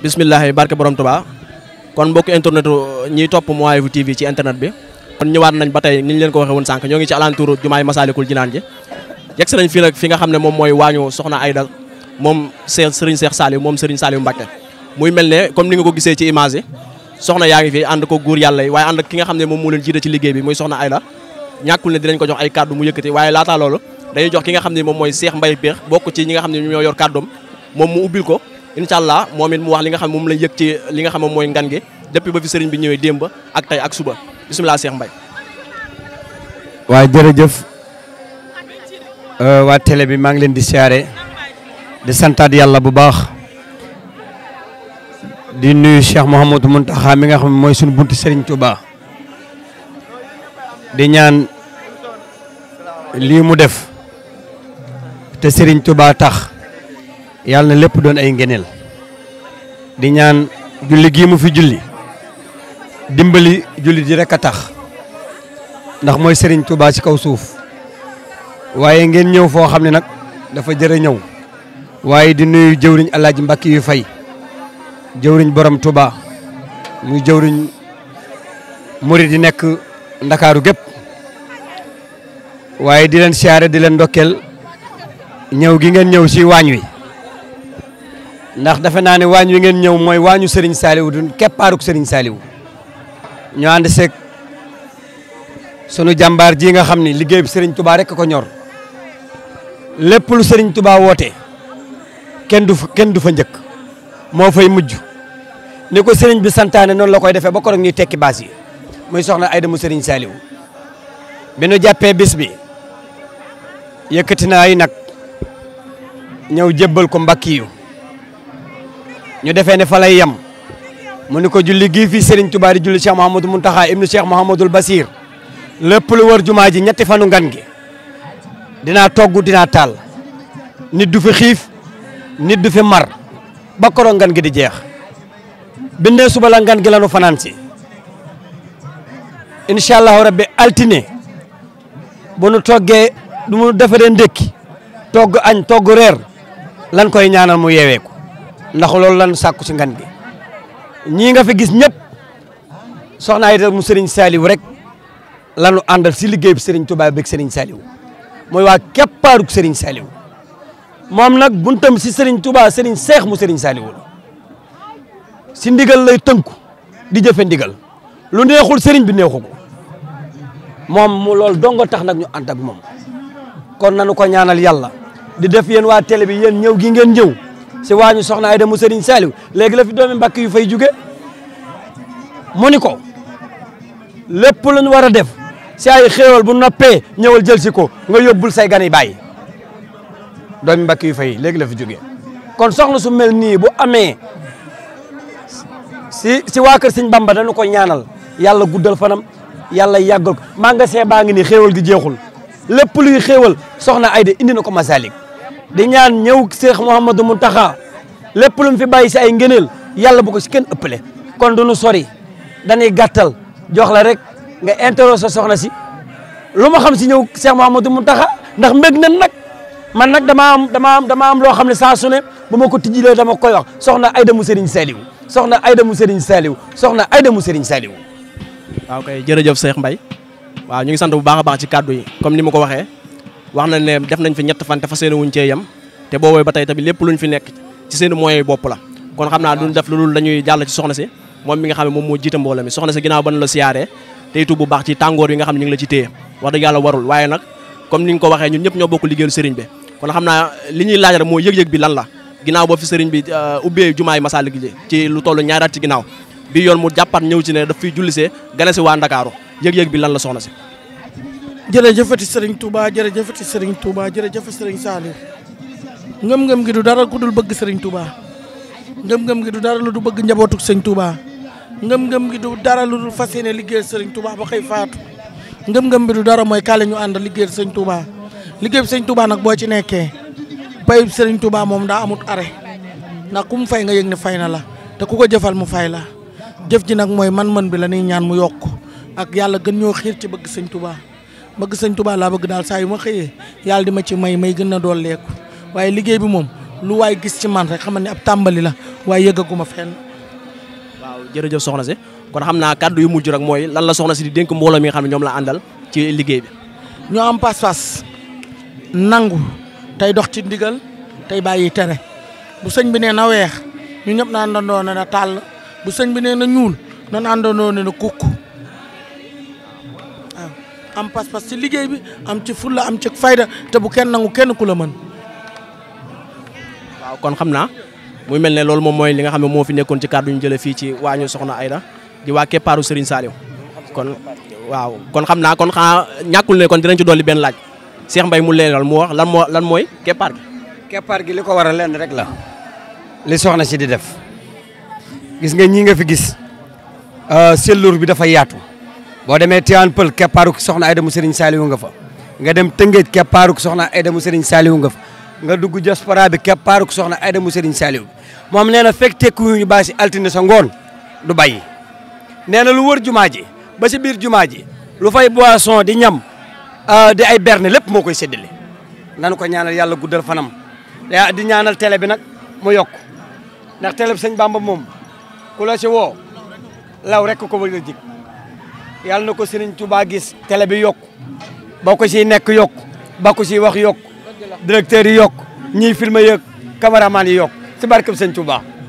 bisimilah barke borom Tuubaa kon mbokk internetu ñiy topp Mawahibou TV ci internet bi. kon ñëwaat nañ ba tey ni ñu leen ko waxee woon sànq ñoo ngi ci alentour jumaay Masaalikul Jinaan ji yegsi nañ fii fi nga xam ne moom mooy waañu soxna Ayda moom Seex Serigne Seex Saliou moom Serigne Saliou Mbacké muy mel ne comme ni nga ko gisee ci image yi soxna yaa ngi fi ànd ko góor yàlla yi waaye ànd ak ki nga xam ne moom moo leen jiite ci liggéey bi muy soxna Ayda ñàkkul ne dinañ ko jox ay kàddu mu yëkkati waaye laata loolu dañuy jox nga xam ne moom mooy Seex Mbay Beex bokk ci ñi nga xam ne ñoo yor kàddoom moom mu ubbil ko inshallah momit mu wax li nga xam moom la yek ci li nga xam moom moy ngan gi depuis ba fi serigne bi ñëwé démb ak tay ak suba bismillah Cheikh wa jerejeuf euh wa télé bi ma ngi leen di siaré di santat yalla bu baax di nuyu Cheikh Mouhamadou muntaha mi nga xam moy suñu buntu Serigne Touba di ñaan li mu def te Serigne Touba tax yal na lepp doon ay ngeneel di ñaan julli gi mu fi julli dimbali julli di rek tax ndax moy Serigne Touba ci kaw suuf waye ngeen ñew fo xamni nak dafa jere ñew waye di nuyu jeewriñ Alaaji Mbàkki yu fay jeewriñ borom Touba muy jeewriñ murid nek nekk gep waye di nyau siaré di len ndokkeel ñew gi ngeen ñew ci ndax defe naa ne waañ wi ngeen ñëw mooy waañu Serigne Saliou du keppaaruk sëriñ Saliou ñu ànd seeg sunu jàmbaar ji nga xam ni liggéey bi sëriñ Touba rek ko ñor lépp lu Serigne Touba woote kenn du fa kenn du fa njëkk moo fay mujj ni ko sëriñ bi santaane noonu la koy defee ba ko ñuy tekki baas yi muy soxna ay mu Serigne Saliou bi nu jàppee bis bi yëkkati na nag ñëw jébbal ko mbakki yu ñu défé né fa lay yem mu ni ko julli gi fi Serigne Touba di julli Cheikh Mouhamadou muntaha ibnu Cheikh Basir lepp lu wër jumaaji ñetti fanu ngan gi dina togg dina tal nit du fi xif nit du fi mar ba koroo ngan gi di jeex bindee suba la ngan gi lañu fanan ci inshallah rabbi altine bu nu toggee du mu defaree ndékki togg agn togg reer lan koy ñaanal mu yewé ko ndax loolu lan sakku ci ngand gi ñi nga fi gis ñep soxna ay mu Serigne saliw rek lanu andal ci liggey bi Serigne Touba bek Serigne saliw moy wa képparu Serigne saliw mom nak buntam si Serigne Touba Serigne cheikh mu Serigne saliw ci ndigal lay tënku di jëfë ndigal lu neexul Serigne bi neexuko mom mu lol dongo tax nak ñu ànd ak kon nañu ko ñaanal yalla di def yeen wa télé bi yeen ñew gi ngeen ñew si waañu soxna Ayda mu Sëriñ Saaliw léegi la fi doomi mbàkk yu fay jóge mu ni ko lépp lu war a def si ay xéewal bu noppee ñëwal jël si ko nga yóbbul say gan yi bàyyi doomi mbàkk yu fay léegi la fi jóge kon soxna su mel nii bu amee si si waa kër Sëriñ Bamba dañu ko ñaanal yàlla guddal fanam yàlla yàggal ko maa baa ngi ni xéewal gi jeexul lépp luy xéewal soxna Ayda indi na ko Masalik di ñaan ñëw Cheikh Mouhamadou Mountakha lépp lu mu fi bàyyi si ay ngëneel yàlla bu ko si kenn ëppale kon du nu sori dañuy gàttal jox la rek nga interroger sa soxna si lu ma xam si ñëw Cheikh Mouhamadou taxa ndax mbég nan nag man nag dama am damaa am damaa am loo xam ne saa su ne bu ma ko tijjilee dama koy wax soxna ay mu Serigne Saliou soxna Aïda mu Serigne Saliou soxna Aïda mu Serigne Saliou waaw kay jërëjëf Cheikh mbay waaw ñu ngi sant bu baax baax ci kàddu yi comme ni ma ko waxee wax nañ ne def nañ fi ñett fan te fas yéene wuñ cee yem te boobooy ba tey tamit lépp luñ fi nekk ci seen moyens bopp la kon xam naa duñ def lu dul dañuy jàll ci soxna si moom mi nga xam ne moom moo jiite mbooloo mi soxna si ginnaaw ban la siyaaree tey tub bu baax ci tàngoor yi nga xam ne ñu ngi ni nga waxee ñun ñëpp ñoo bokk liggéeyu sëriñ bi kon xam naa li ñuy laaj rek moo yëg-yëg bi lan la ginnaaw boo fi sëriñ bi euh, ubbee jumaay Masalik ji ci lu toll ñaaraat ci ginnaaw yoon mu jàppaat ñëw ci ne daf fiy jullisee gane si waa Ndakaaru yëg-yëg bi lan la soxna si jërëjëfati serigne Touba jërëjëfati serigne Touba jërëjëfati serigne Saliou ngam ngam gi du dara ku dul beug serigne Touba ngam ngem gi du dara lu du beug njabootuk serigne Touba ngam ngam gi du dara lu dul fas yéene liggéeyal Touba ba xey faatu ngam ngam bi du dara moy kaale ñu and liguey serigne Touba liguey serigne Touba nak bo ci nekké payib serigne Touba mom da amut arrêt nak kum fay nga yëg ne fay na la te ku ko jëfal mu fay la jëf ji nak moy man-man bi la ñaan mu yok ak yalla gën ñoo xir ci beug serigne Touba bëgg sëñ Touba laa bëgg daal saa yu ma xëyee yàlla di ma ci may may gën a dooleeku waaye liggéey bi moom lu waaye gis ci man rek xamal ne ab tàmbali la waaye yëggaguma fenn. waaw jërëjëf soxna si kon xam naa kàddu yu mujj rek mooy lan la soxna si di dénk mbooloo mi xam ne ñoom la àndal ci liggéey bi. ñoo am pas nangu tey dox ci ndigal tey bàyyi tere bu sëñ bi nee na weex ñu ñëpp na àndandoo na tàll bu sëñ bi nee na ñuul na àndandoo ne am pas-pas ci liggey bi am ci fulla am ci fayda te bu kenn nangu kenn kula man waaw kon xamna muy melne lolou mom moy li nga xamne mo fi nekkon ci cardu ñu jëlee fi ci wañu soxna Aida di wa keppaaru Serigne Saliou kon waaw kon xamna kon xanaa ñakul ne kon dinañ ci doli ben laaj Cheikh mbay mu leral mu wax lan mo lan moy keppaar gi. keppaar gi liko ko len rek la li soxna ci di def gis nga ñi nga fi gis euh, sellur bi dafa yaatu boo demee Tivaouane ke paruk soxna Aïda musirin Serigne Saliou nga fa nga dem Tëngéej keppaaruk soxna Aïda mu Serigne Saliou nga fa nga dugg diaspora bi keppaaruk soxna musirin mu Serigne Saliou mom néna na ku ñu baasi si sa ngoon du bayyi néna lu wër jumaaji ba si bir jumaaji lu fay boisson di ñam ah, di ay berne lepp mo koy sédélé nan ko ñaanal yalla guddal fanam ya, di ñaanal télé bi nak mu yok ndax télé bi sëñ Bamba mom kula ci wo law rek ko wër la yàlla na ko Serigne Touba gis télé bi yokk ba ko siy nekk yokk ba ko siy wax yokku directeur yi yokku ñiy filmer yëg cameraman yi yokk si barkeb Serigne Touba.